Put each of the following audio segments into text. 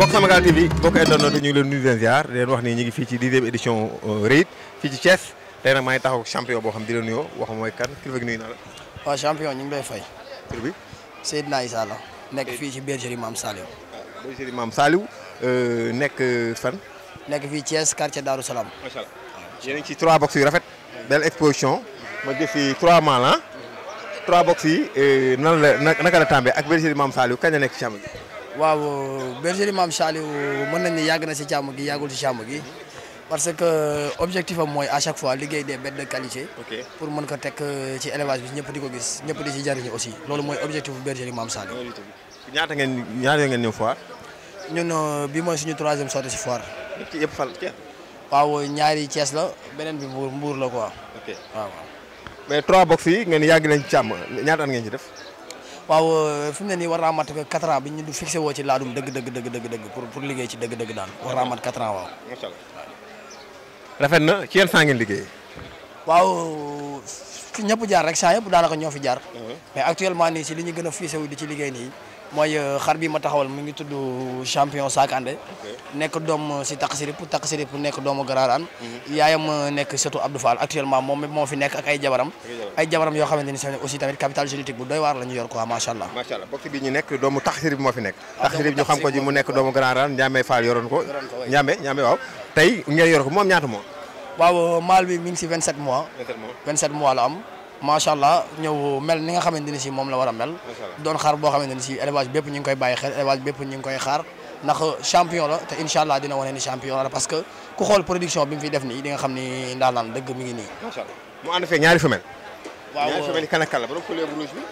mbokk Samagal TV mbokk internet ñu ngi leen nuyu di leen ziar di leen wax ni ñu ngi fii ci dixième édition euh, REIT fii ci Thiès tey nag maa ngi champion boo xam di la nuyoo wax mooy kan kilifa gi nuyu naa la. ñu ngi lay fay. tur bi Seydina Issa nekk fii ci bergerie Mame Saliou. waaw ah, bergerie Mame Saliou euh, nekk euh, fan. nekk fii Thiès quartier Darou Salam. a ngi ci trois box yu rafet. belle exposition. ma gis ci trois mâles ah. trois box yi nan la naka la tàmbee ak bergerie Mame Saliou kañ la nekk ci champion. waaw bergerie Mame Saliou mën nañ ne yàgg na si càmm gi yàggul si càmm gi parce que objectif am mooy à chaque fois liggéey des bêtes de qualité. pour mën ko teg euh, ci élevage bi ñëpp di ko gis ñëpp di si jariñu aussi loolu mooy objectif bu bergerie Mame Saliou. ñaata ngeen ñaata ngeen ñëw foire. ñun euh, bi mooy ñu troisième sortie si foire. waaw ñaari cees la beneen bi Mbour Mbour la quoi. waaw waaw. mais trois box fii ngeen yàgg leen ci càmm ñaata ngeen ci def. waaw euh, fi mu ne nii war naa mat quatre ans bi ñu du fixé woo ci laadum dëgg dëgg dëgg dëgg dëgg pour pour liggéey ci dëgg dëgg daal war naa mat quatre ans waaw. macha allah na ci yan saa ngeen liggéey. waaw fi ñëpp jaar rek saa yëpp daanaka ñoo fi jaar. Mhm. mais actuellement ni si li ñu gën a wu di ci liggéey nii. mooy euh, xar bi ma taxawal mu ngi tudd champion Sakandé nekk doom si taksirip taksirip nekk doomu Garaaraan mhm. yaayam euh, nekk surtout Abdou Fall actuellement moom moo fi nekk ak ay jabaram ay jabaram yoo xamante ni sax aussi tamit capital génétique bu doy waar la ñu yor allah macha bi ñu nekk doomu taksirip moo fi nekk ah, taksirip ñu xam ko ji mu nekk doomu Garaaraan Ndiamé Fall yoroon ko Ndiamé waaw tey ngeen yor moom ñaata mois waaw euh, maal bi mi ngi si 27 mois 27 mois la am ما شاء الله نيو مل نيغا خامتيني سي موم لا ورا مل دون خار بو خامتيني سي ايلواج بيب نينغ كاي باي خير ايلواج بيب نينغ كاي خار ناخ شامبيون لا تا ان شاء الله دينا وني شامبيون لا باسكو كو خول برودكسيون بيم في ديف ني ديغا خامني ندالان دغ ميغي ني ما شاء الله مو اند نياري فمن واو فمن كان كالا بروم كوليه بروج بي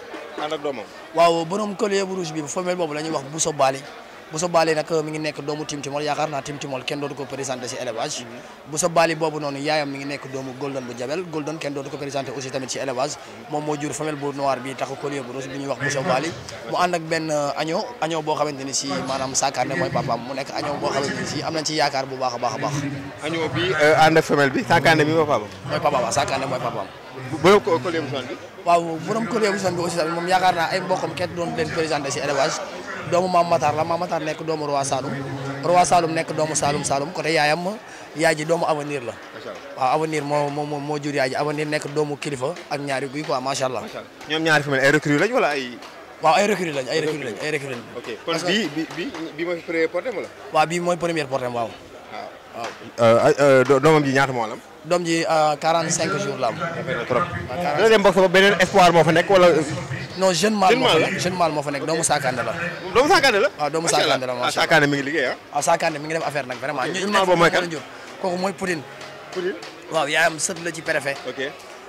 اند دومام واو بروم كوليه بروج بي فمن بوب لا نيي واخ بوسو بالي bu sa baali nag mi ngi nekk doomu Timtimol yaakaar naa Timtimol kenn dootu ko présenté si élevage bu sa baali boobu noonu yaayam mi ngi nekk doomu Golden bu Jabel Golden kenn dootu ko présenté euh, ci yaakaar a moom yaakaar naa ay mbokkam kenn doon leen présenté si élevage doomu maam Matar la maam Matar nekk doomu Roi Saloum Roi Saloum nekk doomu Saloum Saloum côté yaayam yaay doomu avenir la. waaw avenir moo moo moo jur yaay ji avenir nekk doomu kilifa ak ñaari guy quoi macha allah. ñoom ñaari fi mu ay recrues lañ wala ay. waaw lañ ay recrues lañ bii mooy premier porté wala. waaw bii mooy premier porté waaw. Euh, euh, ji ñaata moo la am. doom ji 45 euh, jours la am. trop. waaw 45 dina beneen espoir moo fa nekk wala. non jeune mâle moo fa nekk jeune mâle moo fa nekk doomu Saakande la. doomu Saakande la. waaw doomu Saakande la waaw ah, Saakande mi ngi liggéey ah. waaw ah, ngi def affaire nag vraiment. jeune mâle boobu mooy kan kooku mooy Poutine. Poutine waaw yaayam sët la ci préfet. ok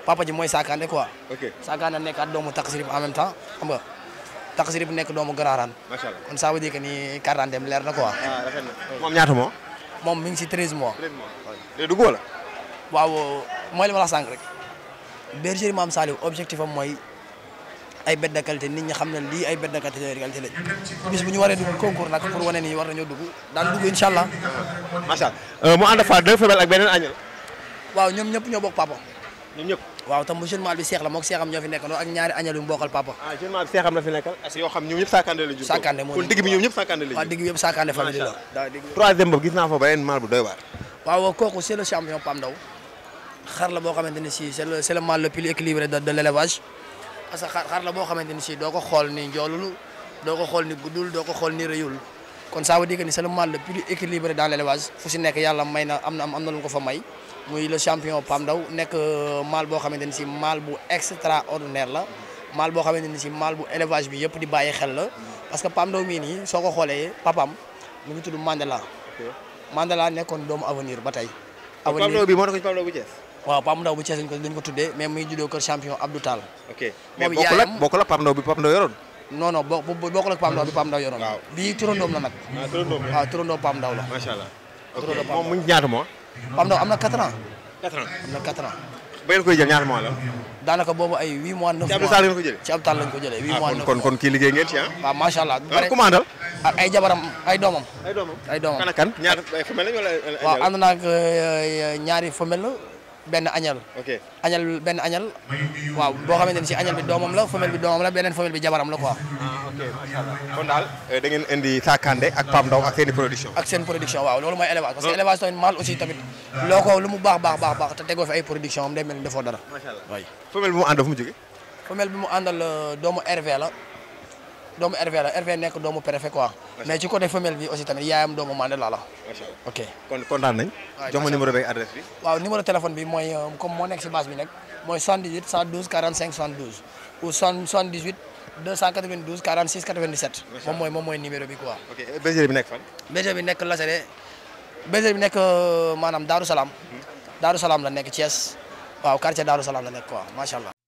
papa ji mooy Saakande quoi. ok Saakande nekkaat doomu Taksirib en même temps xam nga Taksirib nekk doomu Garaaraan. kon ça veut dire ni carte d'identité leer na quoi. waaw ah, ñaata mois. moom mi ngi si 13 mois. 13 wala. waaw mooy li ma la sànq rek bergerie Mame Saliou objectif ay bête de qualité nit ñi xam ne lii ay bête de qualité lañ bis bu ñu waree dugg concours nag pour wane nii war nañoo dugg daan dugg incha allah. macha allah euh, mu ànd fa deux femelles ak beneen añal. waaw ñoom ñëpp ñoo bokk papa. ñoom ñëpp. waaw bi seex la moog ñoo fi nekkandoo ak ñaari añal yu mu bokkal papa. ah jeune xam ñoom gis naa fa beneen mâle bu doy waar. waaw kooku c'est le champion Pam Ndaw xar la boo xamante ne si c'est le c'est le mâle équilibré de de parce que xar xar la boo xamante ni si doo ko xool ni njoolul doo ko xool ni guddul doo ko xool ni reyul kon ça veut dire que ni c'est le mâle le plus équilibré dans l'élevage fu si nekk yàlla may na am na am na ko fa may muy le champion Pam nekk euh, mâle boo xamante ni si mâle bu extraordinaire la mâle boo xamante ni si mâle bu élevage bi yëpp di bàyyi xel la parce que Pam mii nii soo ko xoolee papam mu ngi tudd Mandela Mandela nekkoon doomu avenir ba tey avenir bi moo waaw pam Ndaw bu ko dañ ko tuddé mais muy juddoo kër champion Abdou Tall. ok mais bokkul la bokkul la pam Ndaw bi pam Ndaw yoron non non bo bokkul la pam Ndaw bi pam Ndaw yoron bi turondom la nak ah turondom pam Ndaw la. machallah allah ok moom mu ñaata mois. Pape Ndaw amna 4 ans. 4 ans amna 4 ans. ba ngeen koy jël ñaar mois la. daanaka bobu ay 8 mois 9 mois ci Abdou Tall lañ ko jël ci Abdou ah, Tall lañ ko jël 8 mois 9 kon kon ki liggéey ngeen ci ah. waaw macha allah. waaw commandal. ay jabaram ay domam ay domam ay domam kan kan ñaar ay femelle lañ wala. wa ànd nak euh, ñaari femelle benn añal. ok añal benn añal. waaw boo xamante ni si añal bi doomam la femelle bi doomam la beneen femelle bi jabaram la quoi. ah ok macha allah kon daal eh, da ngeen indi Sakandé ak Pape Ndao ak seen production. ak seen production waaw loolu mooy élevage. parce que élevage tamit mâle aussi tamit. loo lu mu baax baax baax baax te tegoo fi ay production am day mel ni defoo dara. macha bi mu àndal fu mu jógee. femelle bi mu àndal euh, doomu RV la. doomu RV la RV nekk doomu préfet quoi. mais ci côté femelle bi aussi tamit yaayam doomu Mandela la. ok kontaan nañ. jox ma numéro bi. waaw numéro téléphone bi mooy euh, comme moo nekk si base bi nag mooy 78 112 45 72 ou 78 292 46 97. moom mooy moom mooy numéro bi quoi. ok bi nekk fan. bergerie bi nekk Lasere bergerie bi nekk euh, maanaam Daaru Salaam. Hmm. Daaru Salaam la nekk Thiès waaw quartier Daaru la nekk quoi macha allah.